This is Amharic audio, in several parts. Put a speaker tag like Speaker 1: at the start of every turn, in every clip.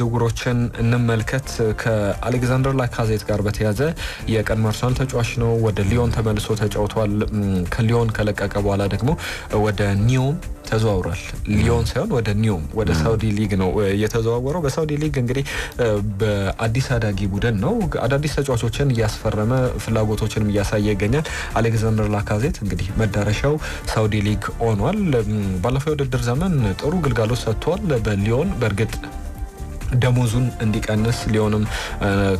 Speaker 1: ዝውውሮችን እንመልከት። ከአሌክዛንደር ላካዜት ጋር በተያዘ የቀድሞ አርሰናል ተጫዋች ነው። ወደ ሊዮን ተመልሶ ተጫውቷል። ከሊዮን ከለቀቀ በኋላ ደግሞ ወደ ኒዮም ተዘዋውሯል። ሊዮን ሳይሆን ወደ ኒዮም ወደ ሳውዲ ሊግ ነው የተዘዋወረው። በሳውዲ ሊግ እንግዲህ በአዲስ አዳጊ ቡድን ነው አዳዲስ ተጫዋቾችን እያስፈረመ ፍላጎቶችንም እያሳየ ይገኛል። አሌክዛንደር ላካዜት እንግዲህ መዳረሻው ሳውዲ ሊግ ሆኗል። ባለፈው የውድድር ዘመን ጥሩ ግልጋሎት ሰጥቷል በሊዮን በእርግጥ ደሞዙን እንዲቀንስ ሊሆንም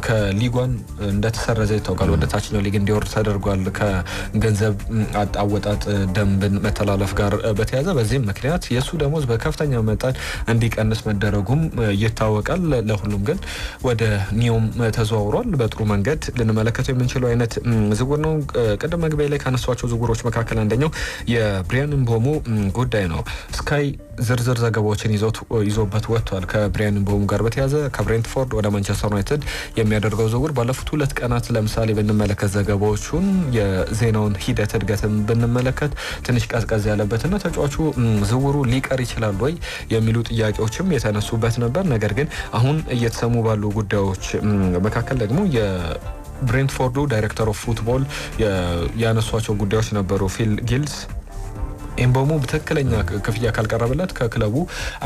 Speaker 1: ከሊጓን እንደተሰረዘ ይታወቃል። ወደ ታችኛው ሊግ እንዲወርድ ተደርጓል። ከገንዘብ አወጣጥ ደንብን መተላለፍ ጋር በተያያዘ በዚህም ምክንያት የእሱ ደሞዝ በከፍተኛ መጠን እንዲቀንስ መደረጉም ይታወቃል። ለሁሉም ግን ወደ ኒዮም ተዘዋውሯል። በጥሩ መንገድ ልንመለከተው የምንችለው አይነት ዝውውር ነው። ቅድም መግቢያ ላይ ካነሷቸው ዝውውሮች መካከል አንደኛው የብሪያን ምቦሞ ጉዳይ ነው። ስካይ ዝርዝር ዘገባዎችን ይዞበት ወጥቷል። ከብሪያን ምቦሞ ጋር ጋር በተያዘ ከብሬንትፎርድ ወደ ማንቸስተር ዩናይትድ የሚያደርገው ዝውውር ባለፉት ሁለት ቀናት ለምሳሌ ብንመለከት ዘገባዎቹን የዜናውን ሂደት እድገትን ብንመለከት ትንሽ ቀዝቀዝ ያለበትና ተጫዋቹ ዝውሩ ሊቀር ይችላል ወይ የሚሉ ጥያቄዎችም የተነሱበት ነበር። ነገር ግን አሁን እየተሰሙ ባሉ ጉዳዮች መካከል ደግሞ የብሬንትፎርዱ ዳይሬክተር ኦፍ ፉትቦል ያነሷቸው ጉዳዮች ነበሩ ፊል ጊልስ ኤምቦሞ ትክክለኛ ክፍያ ካልቀረበለት ከክለቡ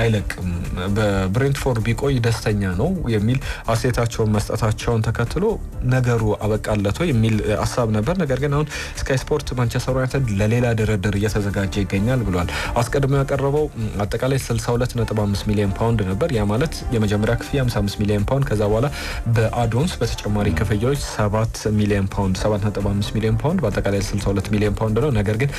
Speaker 1: አይለቅም። በብሬንትፎርድ ቢቆይ ደስተኛ ነው የሚል አስተያየታቸውን መስጠታቸውን ተከትሎ ነገሩ አበቃለቶ የሚል ሀሳብ ነበር። ነገር ግን አሁን ስካይ ስፖርት ማንቸስተር ዩናይትድ ለሌላ ድርድር እየተዘጋጀ ይገኛል ብሏል። አስቀድሞ ያቀረበው አጠቃላይ 625 ሚሊዮን ፓውንድ ነበር። ያ ማለት የመጀመሪያ ክፍያ 55 ሚሊዮን ፓውንድ፣ ከዛ በኋላ በአዶንስ በተጨማሪ ክፍያዎች 7 ሚሊዮን ፓውንድ 7.5 ሚሊዮን ፓውንድ በአጠቃላይ 62 ሚሊዮን ፓውንድ ነው። ነገር ግን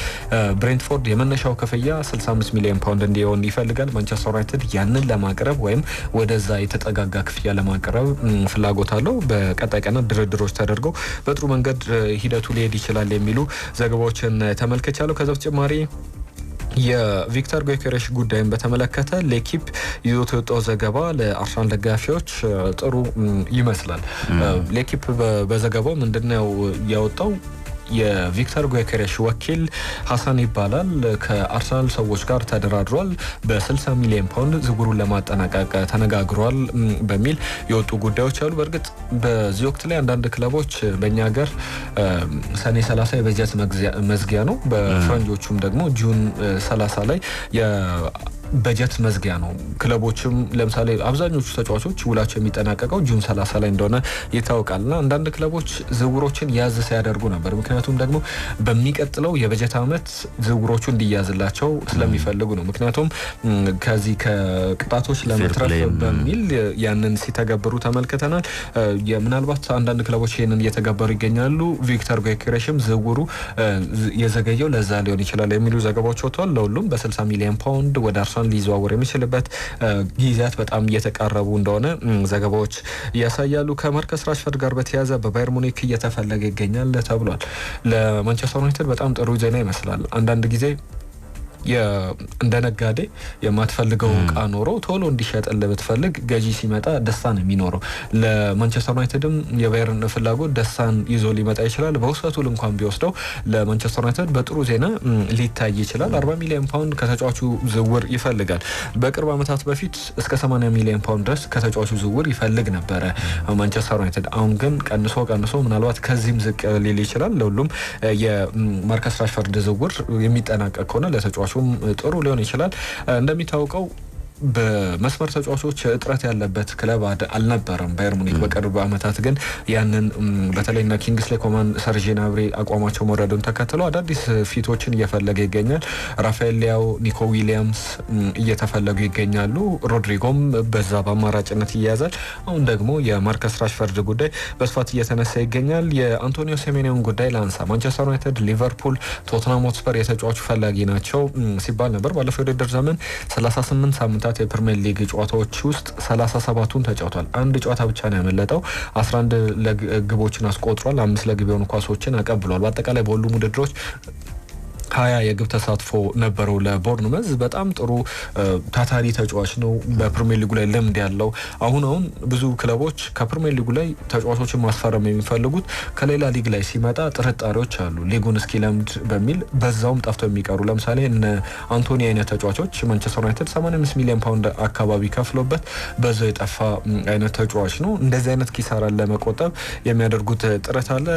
Speaker 1: ብሬንትፎርድ መነሻው ክፍያ 65 ሚሊዮን ፓውንድ እንዲሆን ይፈልጋል። ማንቸስተር ዩናይትድ ያንን ለማቅረብ ወይም ወደዛ የተጠጋጋ ክፍያ ለማቅረብ ፍላጎት አለው። በቀጣይ ቀናት ድርድሮች ተደርገው በጥሩ መንገድ ሂደቱ ሊሄድ ይችላል የሚሉ ዘገባዎችን ተመልክቻለሁ። ከዛ በተጨማሪ የቪክተር ጎኬሬሽ ጉዳይን በተመለከተ ለኪፕ ይዞት የወጣው ዘገባ ለአርሰናል ደጋፊዎች ጥሩ ይመስላል። ሌኪፕ በዘገባው ምንድነው ያወጣው የቪክተር ጎይከሬሽ ወኪል ሀሳን ይባላል ከአርሰናል ሰዎች ጋር ተደራድሯል። በ60 ሚሊዮን ፓውንድ ዝውውሩን ለማጠናቀቅ ተነጋግሯል በሚል የወጡ ጉዳዮች አሉ። በእርግጥ በዚህ ወቅት ላይ አንዳንድ ክለቦች በእኛ ሀገር ሰኔ 30 የበጀት መዝጊያ ነው። በፈረንጆቹም ደግሞ ጁን 30 ላይ በጀት መዝጊያ ነው። ክለቦችም ለምሳሌ አብዛኞቹ ተጫዋቾች ውላቸው የሚጠናቀቀው ጁን ሰላሳ ላይ እንደሆነ ይታወቃል እና አንዳንድ ክለቦች ዝውውሮችን ያዝ ሲያደርጉ ነበር። ምክንያቱም ደግሞ በሚቀጥለው የበጀት ዓመት ዝውውሮቹ እንዲያዝላቸው ስለሚፈልጉ ነው። ምክንያቱም ከዚህ ከቅጣቶች ለመትረፍ በሚል ያንን ሲተገብሩ ተመልክተናል። ምናልባት አንዳንድ ክለቦች ይህንን እየተገበሩ ይገኛሉ። ቪክተር ጎክሬሽም ዝውውሩ የዘገየው ለዛ ሊሆን ይችላል የሚሉ ዘገባዎች ወጥተዋል። ለሁሉም በ60 ሚሊዮን ፓውንድ ወደ ራሷን ሊዘዋወር የሚችልበት ጊዜያት በጣም እየተቃረቡ እንደሆነ ዘገባዎች ያሳያሉ። ከማርከስ ራሽፈርድ ጋር በተያያዘ በባየር ሙኒክ እየተፈለገ ይገኛል ተብሏል። ለማንቸስተር ዩናይትድ በጣም ጥሩ ዜና ይመስላል። አንዳንድ ጊዜ እንደ ነጋዴ የማትፈልገው እቃ ኖሮ ቶሎ እንዲሸጥልህ ብትፈልግ ገዢ ሲመጣ ደስታ ነው የሚኖረው። ለማንቸስተር ዩናይትድም የባየርን ፍላጎት ደስታን ይዞ ሊመጣ ይችላል። በውሰቱ እንኳን ቢወስደው ለማንቸስተር ዩናይትድ በጥሩ ዜና ሊታይ ይችላል። 40 ሚሊዮን ፓውንድ ከተጫዋቹ ዝውውር ይፈልጋል። በቅርብ ዓመታት በፊት እስከ 80 ሚሊዮን ፓውንድ ድረስ ከተጫዋቹ ዝውውር ይፈልግ ነበረ ማንቸስተር ዩናይትድ። አሁን ግን ቀንሶ ቀንሶ ምናልባት ከዚህም ዝቅ ሊል ይችላል። ለሁሉም የማርከስ ራሽፈርድ ዝውውር የሚጠናቀቅ ከሆነ ለተጫዋቹ ምላሹም ጥሩ ሊሆን ይችላል። እንደሚታወቀው በመስመር ተጫዋቾች እጥረት ያለበት ክለብ አልነበረም ባየር ሙኒክ። በቅርብ ዓመታት ግን ያንን በተለይና ኪንግስሌ ኮማን፣ ሰርጂ ናብሪ አቋማቸው መውረዱን ተከትሎ አዳዲስ ፊቶችን እየፈለገ ይገኛል። ራፋኤል ሊያው፣ ኒኮ ዊሊያምስ እየተፈለጉ ይገኛሉ። ሮድሪጎም በዛ በአማራጭነት ይያዛል። አሁን ደግሞ የማርከስ ራሽፈርድ ጉዳይ በስፋት እየተነሳ ይገኛል። የአንቶኒዮ ሴሜኒዮን ጉዳይ ላንሳ። ማንቸስተር ዩናይትድ፣ ሊቨርፑል፣ ቶትናም ሆትስፐር የተጫዋቹ ፈላጊ ናቸው ሲባል ነበር። ባለፈው የውድድር ዘመን 38 ሳምንት ሳምንታት የፕሪሚየር ሊግ ጨዋታዎች ውስጥ 37ቱን ተጫውቷል። አንድ ጨዋታ ብቻ ነው ያመለጠው። 11 ግቦችን አስቆጥሯል። አምስት ለግብ የሆኑ ኳሶችን አቀብሏል። በአጠቃላይ በሁሉም ውድድሮች ከሀያ የግብ ተሳትፎ ነበረው ለቦርንመዝ። በጣም ጥሩ ታታሪ ተጫዋች ነው። በፕሪሚየር ሊጉ ላይ ልምድ ያለው አሁን አሁን ብዙ ክለቦች ከፕሪሚየር ሊጉ ላይ ተጫዋቾችን ማስፈረም የሚፈልጉት ከሌላ ሊግ ላይ ሲመጣ ጥርጣሬዎች አሉ፣ ሊጉን እስኪለምድ በሚል በዛውም ጠፍተው የሚቀሩ ለምሳሌ እነ አንቶኒ አይነት ተጫዋቾች ማንቸስተር ዩናይትድ 85 ሚሊዮን ፓውንድ አካባቢ ከፍሎበት በዛው የጠፋ አይነት ተጫዋች ነው። እንደዚህ አይነት ኪሳራን ለመቆጠብ የሚያደርጉት ጥረት አለ።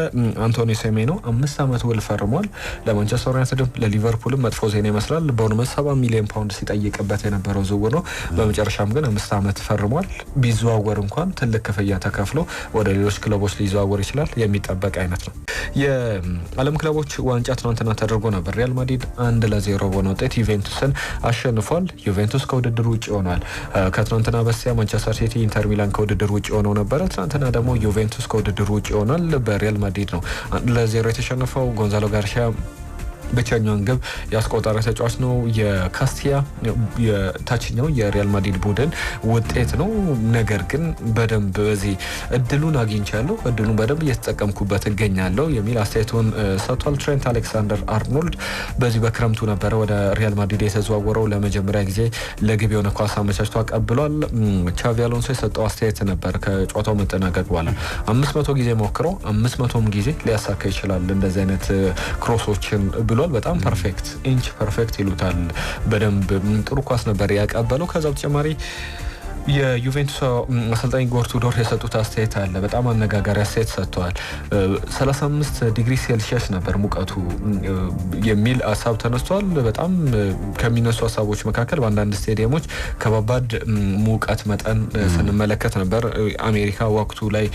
Speaker 1: አንቶኒ ሴሜኖ አምስት ዓመት ውል ፈርሟል ለማንቸስተር ዩናይትድ ለሊቨርፑልም መጥፎ ዜና ይመስላል። ቦርንመስ ሰባ ሚሊዮን ፓውንድ ሲጠይቅበት የነበረው ዝውውር ነው። በመጨረሻም ግን አምስት ዓመት ፈርሟል። ቢዘዋወር እንኳን ትልቅ ክፍያ ተከፍሎ ወደ ሌሎች ክለቦች ሊዘዋወር ይችላል። የሚጠበቅ አይነት ነው። የዓለም ክለቦች ዋንጫ ትናንትና ተደርጎ ነበር። ሪያል ማድሪድ አንድ ለዜሮ በሆነ ውጤት ዩቬንቱስን አሸንፏል። ዩቬንቱስ ከውድድር ውጭ ሆኗል። ከትናንትና በስቲያ ማንቸስተር ሲቲ፣ ኢንተር ሚላን ከውድድር ውጭ ሆነው ነበረ። ትናንትና ደግሞ ዩቬንቱስ ከውድድር ውጭ ሆኗል። በሪያል ማድሪድ ነው አንድ ለዜሮ የተሸነፈው ጎንዛሎ ጋርሻ ብቸኛውን ግብ ያስቆጠረ ተጫዋች ነው። የካስቲያ የታችኛው የሪያል ማድሪድ ቡድን ውጤት ነው። ነገር ግን በደንብ በዚህ እድሉን አግኝቻለሁ፣ እድሉን በደንብ እየተጠቀምኩበት እገኛለሁ የሚል አስተያየቱን ሰጥቷል። ትሬንት አሌክሳንደር አርኖልድ በዚህ በክረምቱ ነበረ ወደ ሪያል ማድሪድ የተዘዋወረው። ለመጀመሪያ ጊዜ ለግብ የሆነ ኳስ አመቻችቶ አቀብሏል። ቻቪ አሎንሶ የሰጠው አስተያየት ነበር ከጨዋታው መጠናቀቅ በኋላ አምስት መቶ ጊዜ ሞክረው አምስት መቶም ጊዜ ሊያሳካ ይችላል እንደዚህ አይነት ክሮሶችን ብሎ ብሏል። በጣም ፐርፌክት ኢንች ፐርፌክት ይሉታል። በደንብ ጥሩ ኳስ ነበር ያቀበለው። ከዛ በተጨማሪ የዩቬንቱስ አሰልጣኝ ጎርቱ ዶር የሰጡት አስተያየት አለ። በጣም አነጋጋሪ አስተያየት ሰጥተዋል። 35 ዲግሪ ሴልሺየስ ነበር ሙቀቱ የሚል ሀሳብ ተነስቷል። በጣም ከሚነሱ ሀሳቦች መካከል በአንዳንድ ስቴዲየሞች ከባባድ ሙቀት መጠን ስንመለከት ነበር። አሜሪካ ወቅቱ ላይ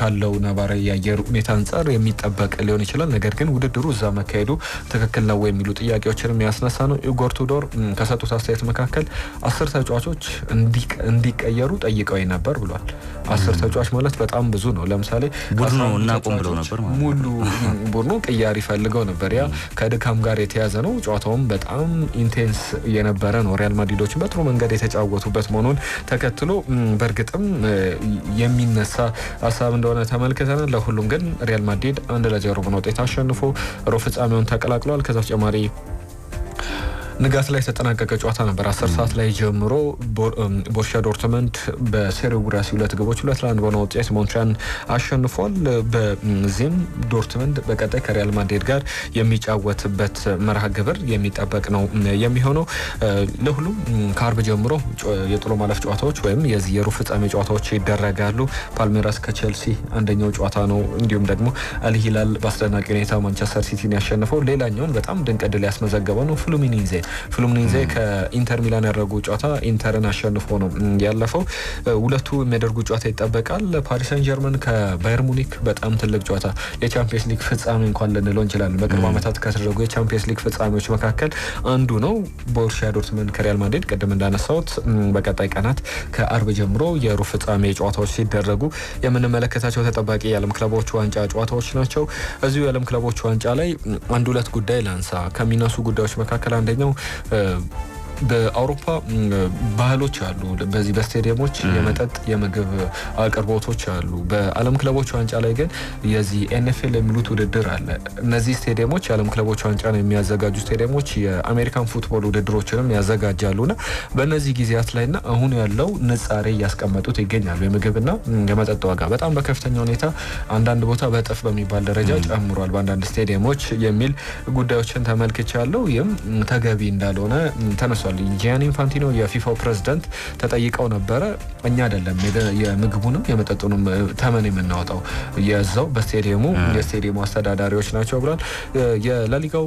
Speaker 1: ካለው ነባራዊ የአየር ሁኔታ አንጻር የሚጠበቅ ሊሆን ይችላል። ነገር ግን ውድድሩ እዛ መካሄዱ ትክክል ነው የሚሉ ጥያቄዎችን የሚያስነሳ ነው። ጎርቱ ዶር ከሰጡት አስተያየት መካከል አስር ተጫዋቾች እንዲ እንዲቀየሩ ጠይቀው ነበር ብሏል። አስር ተጫዋች ማለት በጣም ብዙ ነው። ለምሳሌ
Speaker 2: ቡድኑ ብለው ነበር
Speaker 1: ሙሉ ቡድኑ ቅያሪ ፈልገው ነበር። ያ ከድካም ጋር የተያዘ ነው። ጨዋታውም በጣም ኢንቴንስ የነበረ ነው። ሪያል ማድሪዶችን በጥሩ መንገድ የተጫወቱበት መሆኑን ተከትሎ በእርግጥም የሚነሳ ሀሳብ እንደሆነ ተመልክተናል። ለሁሉም ግን ሪያል ማድሪድ አንድ ለዜሮ በሆነ ውጤት አሸንፎ ሩብ ፍጻሜውን ተቀላቅሏል። ከዛ ተጨማሪ ንጋት ላይ የተጠናቀቀ ጨዋታ ነበር። አስር ሰዓት ላይ ጀምሮ ቦርሻ ዶርትመንድ በሴሪ ጉራሲ ሁለት ግቦች ሁለት ለአንድ በሆነ ውጤት ሞንትሪያን አሸንፏል። በዚህም ዶርትመንድ በቀጣይ ከሪያል ማድሪድ ጋር የሚጫወትበት መርሃ ግብር የሚጠበቅ ነው የሚሆነው። ለሁሉም ከአርብ ጀምሮ የጥሎ ማለፍ ጨዋታዎች ወይም የዚህ የሩብ ፍጻሜ ጨዋታዎች ይደረጋሉ። ፓልሜራስ ከቼልሲ አንደኛው ጨዋታ ነው። እንዲሁም ደግሞ አልሂላል በአስደናቂ ሁኔታ ማንቸስተር ሲቲን ያሸንፈው ሌላኛውን በጣም ድንቅ ድል ያስመዘገበው ነው ፍሉሚኒዜ ፍሉሚኔዜ ከኢንተር ሚላን ያደረጉ ጨዋታ ኢንተርን አሸንፎ ነው ያለፈው። ሁለቱ የሚያደርጉ ጨዋታ ይጠበቃል። ፓሪስ ሰን ጀርመን ከባየር ሙኒክ በጣም ትልቅ ጨዋታ የቻምፒየንስ ሊግ ፍጻሜ እንኳን ልንለው እንችላለን። በቅርብ ዓመታት ከተደረጉ የቻምፒየንስ ሊግ ፍጻሜዎች መካከል አንዱ ነው። ቦሩሲያ ዶርትመን ከሪያል ማድሪድ ቅድም እንዳነሳሁት በቀጣይ ቀናት ከአርብ ጀምሮ የሩብ ፍጻሜ ጨዋታዎች ሲደረጉ የምንመለከታቸው ተጠባቂ የዓለም ክለቦች ዋንጫ ጨዋታዎች ናቸው። እዚሁ የዓለም ክለቦች ዋንጫ ላይ አንድ ሁለት ጉዳይ ላንሳ። ከሚነሱ ጉዳዮች መካከል አንደኛው uh, በአውሮፓ ባህሎች አሉ። በዚህ በስቴዲየሞች የመጠጥ የምግብ አቅርቦቶች አሉ። በዓለም ክለቦች ዋንጫ ላይ ግን የዚህ ኤንኤፍኤል የሚሉት ውድድር አለ። እነዚህ ስቴዲየሞች የዓለም ክለቦች ነው የሚያዘጋጁ ስቴዲየሞች የአሜሪካን ፉትቦል ውድድሮችንም ያዘጋጃሉና በእነዚህ ጊዜያት ላይና አሁን ያለው ንጻሬ እያስቀመጡት ይገኛሉ። የምግብና የመጠጥ ዋጋ በጣም በከፍተኛ ሁኔታ አንዳንድ ቦታ በእጥፍ በሚባል ደረጃ ጨምሯል በአንዳንድ ስቴዲየሞች የሚል ጉዳዮችን ተመልክቻለሁ። ይህም ተገቢ እንዳልሆነ ተነሱ ደርሷል። ጂያኒ ኢንፋንቲኖ የፊፋው ፕሬዝደንት ተጠይቀው ነበረ። እኛ አይደለም የምግቡንም የመጠጡንም ተመን የምናወጣው የዛው በስቴዲየሙ የስቴዲየሙ አስተዳዳሪዎች ናቸው ብሏል። የላሊጋው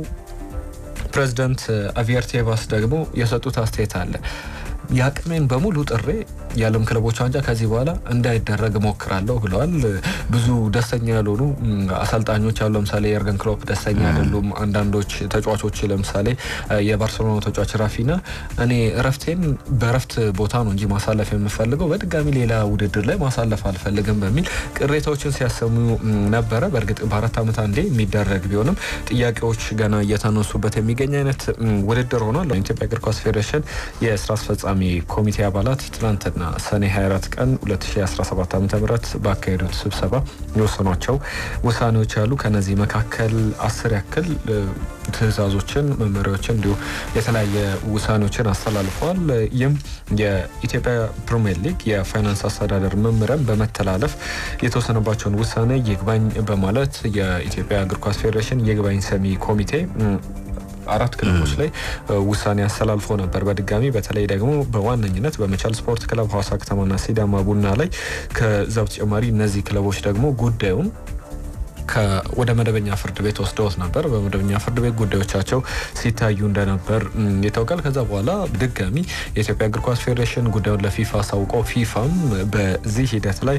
Speaker 1: ፕሬዝደንት አቪየር ቴባስ ደግሞ የሰጡት አስተያየት አለ። የአቅሜን በሙሉ ጥሬ የዓለም ክለቦች ዋንጫ ከዚህ በኋላ እንዳይደረግ ሞክራለሁ ብለዋል። ብዙ ደስተኛ ያልሆኑ አሰልጣኞች አሉ። ለምሳሌ የርገን ክሎፕ ደስተኛ አይደሉም። አንዳንዶች ተጫዋቾች ለምሳሌ የባርሴሎና ተጫዋች ራፊና እኔ እረፍቴን በእረፍት ቦታ ነው እንጂ ማሳለፍ የምፈልገው በድጋሚ ሌላ ውድድር ላይ ማሳለፍ አልፈልግም በሚል ቅሬታዎችን ሲያሰሙ ነበረ። በእርግጥ በአራት ዓመት አንዴ የሚደረግ ቢሆንም ጥያቄዎች ገና እየተነሱበት የሚገኝ አይነት ውድድር ሆኗል። ኢትዮጵያ እግር ኳስ ፌዴሬሽን የስራ አስፈጻሚ ኮሚቴ አባላት ትናንትና ሰኔ 24 ቀን 2017 ዓ ም ባካሄዱት ስብሰባ የወሰኗቸው ውሳኔዎች አሉ ከነዚህ መካከል አስር ያክል ትእዛዞችን፣ መመሪያዎችን እንዲሁ የተለያየ ውሳኔዎችን አስተላልፈዋል። ይህም የኢትዮጵያ ፕሪሚየር ሊግ የፋይናንስ አስተዳደር መመሪያን በመተላለፍ የተወሰነባቸውን ውሳኔ ይግባኝ በማለት የኢትዮጵያ እግር ኳስ ፌዴሬሽን ይግባኝ ሰሚ ኮሚቴ አራት ክለቦች ላይ ውሳኔ አስተላልፎ ነበር። በድጋሚ በተለይ ደግሞ በዋነኝነት በመቻል ስፖርት ክለብ ሀዋሳ ከተማና ሲዳማ ቡና ላይ ከዛ በተጨማሪ እነዚህ ክለቦች ደግሞ ጉዳዩን ወደ መደበኛ ፍርድ ቤት ወስደውት ነበር። በመደበኛ ፍርድ ቤት ጉዳዮቻቸው ሲታዩ እንደነበር ይታወቃል። ከዛ በኋላ ድጋሚ የኢትዮጵያ እግር ኳስ ፌዴሬሽን ጉዳዩን ለፊፋ አሳውቆ ፊፋም በዚህ ሂደት ላይ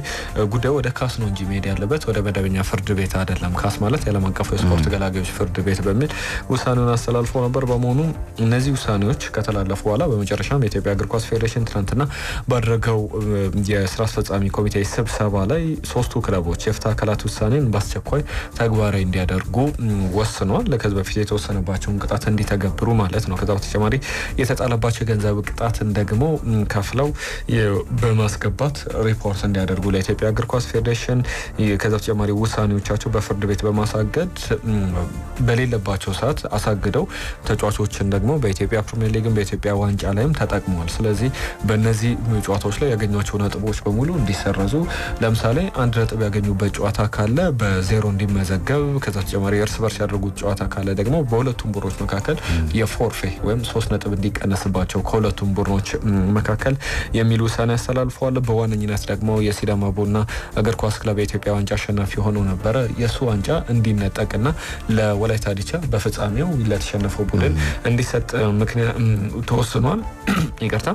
Speaker 1: ጉዳዩ ወደ ካስ ነው እንጂ መሄድ ያለበት ወደ መደበኛ ፍርድ ቤት አይደለም፣ ካስ ማለት የዓለም አቀፉ የስፖርት ገላጋዮች ፍርድ ቤት በሚል ውሳኔውን አስተላልፎ ነበር። በመሆኑ እነዚህ ውሳኔዎች ከተላለፉ በኋላ በመጨረሻም የኢትዮጵያ እግር ኳስ ፌዴሬሽን ትናንትና ባደረገው የስራ አስፈጻሚ ኮሚቴ ስብሰባ ላይ ሶስቱ ክለቦች የፍትህ አካላት ውሳኔን በአስቸኳይ በአስቸኳይ ተግባራዊ እንዲያደርጉ ወስኗል። ከዚ በፊት የተወሰነባቸውን ቅጣት እንዲተገብሩ ማለት ነው። ከዛ በተጨማሪ የተጣለባቸው የገንዘብ ቅጣትን ደግሞ ከፍለው በማስገባት ሪፖርት እንዲያደርጉ ለኢትዮጵያ እግር ኳስ ፌዴሬሽን ከዛ በተጨማሪ ውሳኔዎቻቸው በፍርድ ቤት በማሳገድ በሌለባቸው ሰዓት አሳግደው ተጫዋቾችን ደግሞ በኢትዮጵያ ፕሪሚየር ሊግም በኢትዮጵያ ዋንጫ ላይም ተጠቅመዋል። ስለዚህ በእነዚህ ጨዋታዎች ላይ ያገኟቸው ነጥቦች በሙሉ እንዲሰረዙ፣ ለምሳሌ አንድ ነጥብ ያገኙበት ጨዋታ ካለ በዜሮ እንዲመዘገብ ከዛ ተጨማሪ እርስ በርስ ያደርጉት ጨዋታ ካለ ደግሞ በሁለቱም ቡድኖች መካከል የፎርፌ ወይም ሶስት ነጥብ እንዲቀነስባቸው ከሁለቱም ቡድኖች መካከል የሚል ውሳኔ ያስተላልፈዋል። በዋነኝነት ደግሞ የሲዳማ ቡና እግር ኳስ ክለብ የኢትዮጵያ ዋንጫ አሸናፊ ሆኖ ነበረ። የእሱ ዋንጫ እንዲነጠቅና ለወላይታ ዲቻ በፍጻሜው ለተሸነፈው ቡድን እንዲሰጥ ምክንያት ተወስኗል። ይቅርታ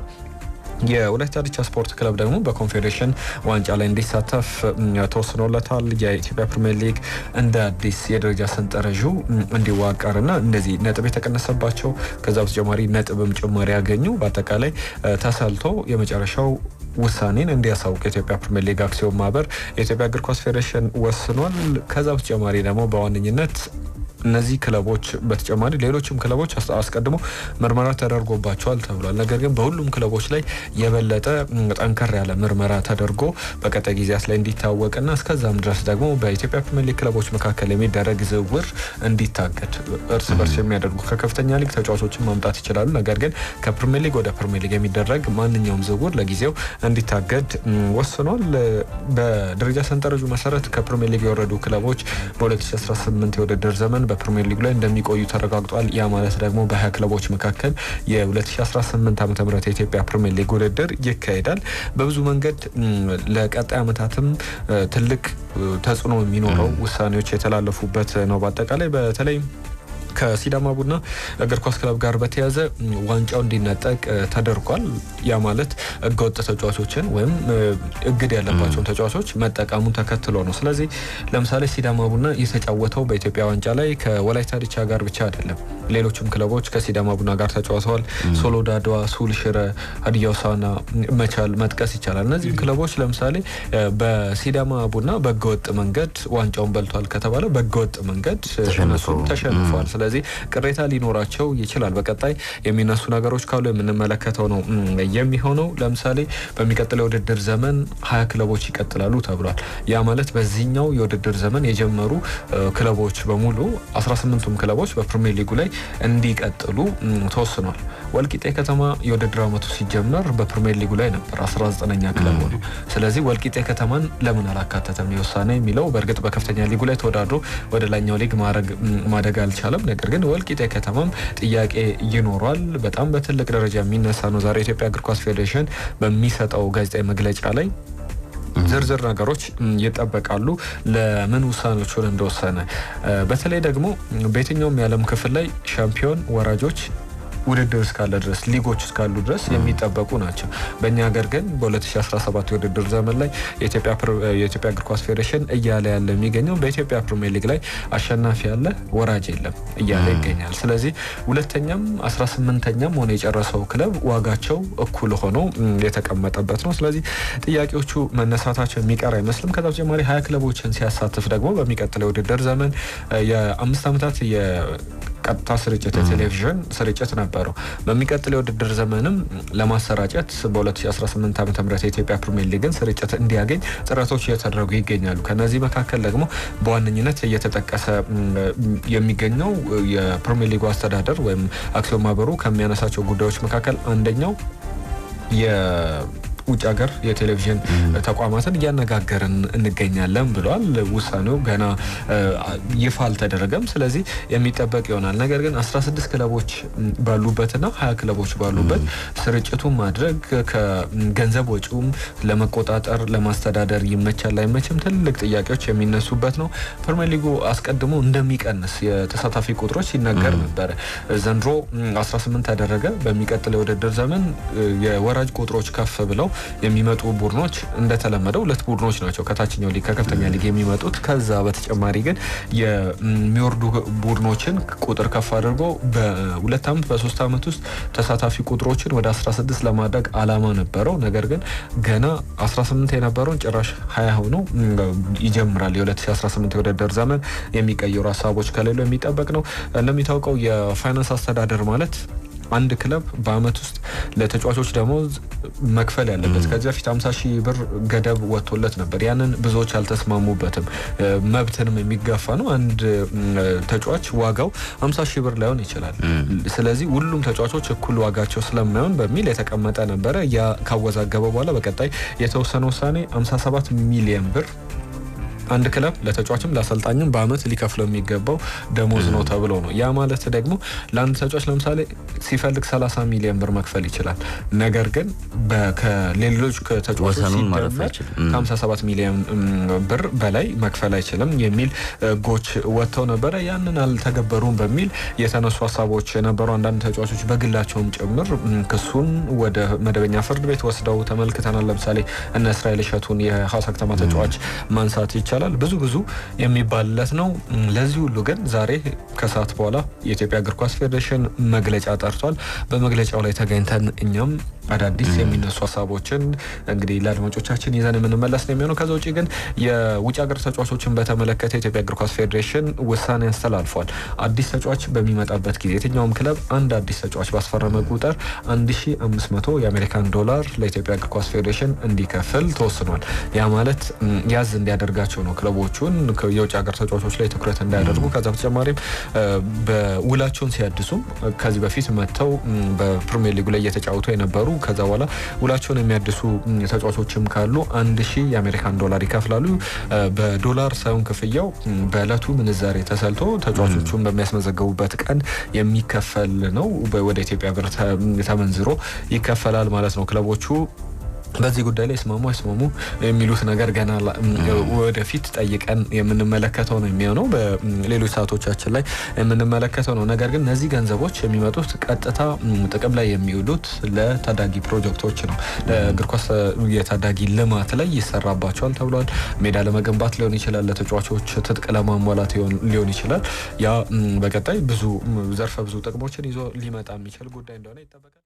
Speaker 1: የወላይታ ዲቻ ስፖርት ክለብ ደግሞ በኮንፌዴሬሽን ዋንጫ ላይ እንዲሳተፍ ተወስኖለታል። የኢትዮጵያ ፕሪምየር ሊግ እንደ አዲስ የደረጃ ሰንጠረዡ እንዲዋቀርና እንደዚህ ነጥብ የተቀነሰባቸው ከዛ በተጨማሪ ነጥብም ጭማሪ ያገኙ በአጠቃላይ ተሰልቶ የመጨረሻው ውሳኔን እንዲያሳውቅ የኢትዮጵያ ፕሪምየር ሊግ አክሲዮን ማህበር የኢትዮጵያ እግር ኳስ ፌዴሬሽን ወስኗል። ከዛ በተጨማሪ ደግሞ በዋነኝነት እነዚህ ክለቦች በተጨማሪ ሌሎችም ክለቦች አስቀድሞ ምርመራ ተደርጎባቸዋል ተብሏል። ነገር ግን በሁሉም ክለቦች ላይ የበለጠ ጠንከር ያለ ምርመራ ተደርጎ በቀጣይ ጊዜያት ላይ እንዲታወቅና እስከዛም ድረስ ደግሞ በኢትዮጵያ ፕሪሚየር ሊግ ክለቦች መካከል የሚደረግ ዝውውር እንዲታገድ እርስ በርስ የሚያደርጉ ከከፍተኛ ሊግ ተጫዋቾችን ማምጣት ይችላሉ። ነገር ግን ከፕሪሚየር ሊግ ወደ ፕሪሚየር ሊግ የሚደረግ ማንኛውም ዝውውር ለጊዜው እንዲታገድ ወስኗል። በደረጃ ሰንጠረዡ መሰረት ከፕሪሚየር ሊግ የወረዱ ክለቦች በ2018 የውድድር ዘመን በፕሪሚየር ሊግ ላይ እንደሚቆዩ ተረጋግጧል። ያ ማለት ደግሞ በሀያ ክለቦች መካከል የ2018 ዓ ም የኢትዮጵያ ፕሪሚየር ሊግ ውድድር ይካሄዳል። በብዙ መንገድ ለቀጣይ ዓመታትም ትልቅ ተጽዕኖ የሚኖረው ውሳኔዎች የተላለፉበት ነው። በአጠቃላይ በተለይ ከሲዳማ ቡና እግር ኳስ ክለብ ጋር በተያያዘ ዋንጫው እንዲነጠቅ ተደርጓል። ያ ማለት ህገወጥ ተጫዋቾችን ወይም እግድ ያለባቸውን ተጫዋቾች መጠቀሙን ተከትሎ ነው። ስለዚህ ለምሳሌ ሲዳማ ቡና የተጫወተው በኢትዮጵያ ዋንጫ ላይ ከወላይታ ዲቻ ጋር ብቻ አይደለም። ሌሎችም ክለቦች ከሲዳማ ቡና ጋር ተጫውተዋል። ሶሎዳ አድዋ፣ ሱል ሽረ፣ ሀዲያ ሆሳዕና፣ መቻል መጥቀስ ይቻላል። እነዚህ ክለቦች ለምሳሌ በሲዳማ ቡና በህገወጥ መንገድ ዋንጫውን በልቷል ከተባለ በህገወጥ መንገድ ተሸንፏል። ስለዚህ ቅሬታ ሊኖራቸው ይችላል። በቀጣይ የሚነሱ ነገሮች ካሉ የምንመለከተው ነው የሚሆነው። ለምሳሌ በሚቀጥለው የውድድር ዘመን ሀያ ክለቦች ይቀጥላሉ ተብሏል። ያ ማለት በዚህኛው የውድድር ዘመን የጀመሩ ክለቦች በሙሉ አስራ ስምንቱም ክለቦች በፕሪሚየር ሊጉ ላይ እንዲቀጥሉ ተወስኗል። ወልቂጤ ከተማ የውድድር ዓመቱ ሲጀመር በፕሪሚየር ሊጉ ላይ ነበር 19ኛ ክለብ ሆነ። ስለዚህ ወልቂጤ ከተማን ለምን አላካተተም የውሳኔ የሚለው በእርግጥ በከፍተኛ ሊጉ ላይ ተወዳድሮ ወደ ላይኛው ሊግ ማደግ አልቻለም። ነገር ግን ወልቂጤ ከተማም ጥያቄ ይኖሯል። በጣም በትልቅ ደረጃ የሚነሳ ነው። ዛሬ ኢትዮጵያ እግር ኳስ ፌዴሬሽን በሚሰጠው ጋዜጣዊ መግለጫ ላይ ዝርዝር ነገሮች ይጠበቃሉ። ለምን ውሳኔዎቹን እንደወሰነ በተለይ ደግሞ በየትኛውም የዓለም ክፍል ላይ ሻምፒዮን ወራጆች ውድድር እስካለ ድረስ ሊጎች እስካሉ ድረስ የሚጠበቁ ናቸው። በእኛ ሀገር ግን በ2017 የውድድር ዘመን ላይ የኢትዮጵያ እግር ኳስ ፌዴሬሽን እያለ ያለ የሚገኘው በኢትዮጵያ ፕሪሚየር ሊግ ላይ አሸናፊ ያለ ወራጅ የለም እያለ ይገኛል። ስለዚህ ሁለተኛም 18 ስምንተኛም ሆነ የጨረሰው ክለብ ዋጋቸው እኩል ሆኖ የተቀመጠበት ነው። ስለዚህ ጥያቄዎቹ መነሳታቸው የሚቀር አይመስልም። ከዛ በተጨማሪ ሀያ ክለቦችን ሲያሳትፍ ደግሞ በሚቀጥለው የውድድር ዘመን የአምስት ዓመታት ቀጥታ ስርጭት የቴሌቪዥን ስርጭት ነበረው። በሚቀጥለው የውድድር ዘመንም ለማሰራጨት በ2018 ዓ ም የኢትዮጵያ ፕሪሚየር ሊግን ስርጭት እንዲያገኝ ጥረቶች እየተደረጉ ይገኛሉ። ከነዚህ መካከል ደግሞ በዋነኝነት እየተጠቀሰ የሚገኘው የፕሪሚየር ሊጉ አስተዳደር ወይም አክሲዮን ማህበሩ ከሚያነሳቸው ጉዳዮች መካከል አንደኛው ውጭ ሀገር የቴሌቪዥን ተቋማትን እያነጋገርን እንገኛለን ብሏል። ውሳኔው ገና ይፋ አልተደረገም፣ ስለዚህ የሚጠበቅ ይሆናል። ነገር ግን 16 ክለቦች ባሉበትና 20 ክለቦች ባሉበት ስርጭቱን ማድረግ ከገንዘብ ወጪውም ለመቆጣጠር ለማስተዳደር ይመቻል አይመችም ትልቅ ጥያቄዎች የሚነሱበት ነው። ፕሪሚየር ሊጉ አስቀድሞ እንደሚቀንስ የተሳታፊ ቁጥሮች ይነገር ነበረ። ዘንድሮ 18 ተደረገ። በሚቀጥለው የውድድር ዘመን የወራጅ ቁጥሮች ከፍ ብለው የሚመጡ ቡድኖች እንደተለመደው ሁለት ቡድኖች ናቸው ከታችኛው ሊግ ከከፍተኛ ሊግ የሚመጡት። ከዛ በተጨማሪ ግን የሚወርዱ ቡድኖችን ቁጥር ከፍ አድርጎ በሁለት ዓመት በሶስት ዓመት ውስጥ ተሳታፊ ቁጥሮችን ወደ 16 ለማድረግ አላማ ነበረው። ነገር ግን ገና 18 የነበረውን ጭራሽ 20 ሆኖ ይጀምራል። የ2018 የውድድር ዘመን የሚቀይሩ ሀሳቦች ከሌሉ የሚጠበቅ ነው። እንደሚታወቀው የፋይናንስ አስተዳደር ማለት አንድ ክለብ በአመት ውስጥ ለተጫዋቾች ደሞዝ መክፈል ያለበት ከዚህ በፊት 50 ሺህ ብር ገደብ ወጥቶለት ነበር። ያንን ብዙዎች አልተስማሙበትም። መብትንም የሚጋፋ ነው። አንድ ተጫዋች ዋጋው 50 ሺህ ብር ላይሆን ይችላል። ስለዚህ ሁሉም ተጫዋቾች እኩል ዋጋቸው ስለማይሆን በሚል የተቀመጠ ነበረ። ያ ካወዛገበ በኋላ በቀጣይ የተወሰነ ውሳኔ 57 ሚሊዮን ብር አንድ ክለብ ለተጫዋችም ለአሰልጣኝም በአመት ሊከፍለው የሚገባው ደሞዝ ነው ተብሎ ነው። ያ ማለት ደግሞ ለአንድ ተጫዋች ለምሳሌ ሲፈልግ 30 ሚሊዮን ብር መክፈል ይችላል። ነገር ግን ከሌሎች ተጫዋቾች ሲደመር 57 ሚሊዮን ብር በላይ መክፈል አይችልም የሚል ጎች ወጥተው ነበረ። ያንን አልተገበሩም በሚል የተነሱ ሀሳቦች የነበሩ አንዳንድ ተጫዋቾች በግላቸውም ጭምር ክሱን ወደ መደበኛ ፍርድ ቤት ወስደው ተመልክተናል። ለምሳሌ እነ እስራኤል እሸቱን የሀዋሳ ከተማ ተጫዋች ማንሳት ይቻላል። ይባላል። ብዙ ብዙ የሚባልለት ነው። ለዚህ ሁሉ ግን ዛሬ ከሰዓት በኋላ የኢትዮጵያ እግር ኳስ ፌዴሬሽን መግለጫ ጠርቷል። በመግለጫው ላይ ተገኝተን እኛም አዳዲስ የሚነሱ ሀሳቦችን እንግዲህ ለአድማጮቻችን ይዘን የምንመለስ ነው የሚሆነው። ከዛ ውጭ ግን የውጭ ሀገር ተጫዋቾችን በተመለከተ የኢትዮጵያ እግር ኳስ ፌዴሬሽን ውሳኔ አስተላልፏል። አዲስ ተጫዋች በሚመጣበት ጊዜ የትኛውም ክለብ አንድ አዲስ ተጫዋች ባስፈረመ ቁጥር 1500 የአሜሪካን ዶላር ለኢትዮጵያ እግር ኳስ ፌዴሬሽን እንዲከፍል ተወስኗል። ያ ማለት ያዝ እንዲያደርጋቸው ነው ክለቦቹን የውጭ ሀገር ተጫዋቾች ላይ ትኩረት እንዳያደርጉ። ከዛ በተጨማሪም በውላቸውን ሲያድሱም ከዚህ በፊት መጥተው በፕሪሚየር ሊጉ ላይ እየተጫወቱ የነበሩ ከዛ በኋላ ውላቸውን የሚያድሱ ተጫዋቾችም ካሉ አንድ ሺህ የአሜሪካን ዶላር ይከፍላሉ። በዶላር ሳይሆን ክፍያው በእለቱ ምንዛሬ ተሰልቶ ተጫዋቾቹን በሚያስመዘገቡበት ቀን የሚከፈል ነው። ወደ ኢትዮጵያ ብር ተመንዝሮ ይከፈላል ማለት ነው ክለቦቹ በዚህ ጉዳይ ላይ ስማሙ አይስማሙ የሚሉት ነገር ገና ወደፊት ጠይቀን የምንመለከተው ነው የሚሆነው። በሌሎች ሰዓቶቻችን ላይ የምንመለከተው ነው። ነገር ግን እነዚህ ገንዘቦች የሚመጡት ቀጥታ ጥቅም ላይ የሚውሉት ለታዳጊ ፕሮጀክቶች ነው። ለእግር ኳስ የታዳጊ ልማት ላይ ይሰራባቸዋል ተብሏል። ሜዳ ለመገንባት ሊሆን ይችላል፣ ለተጫዋቾች ትጥቅ ለማሟላት ሊሆን ይችላል። ያ በቀጣይ ብዙ ዘርፈ ብዙ ጥቅሞችን ይዞ ሊመጣ የሚችል ጉዳይ እንደሆነ ይጠበቃል።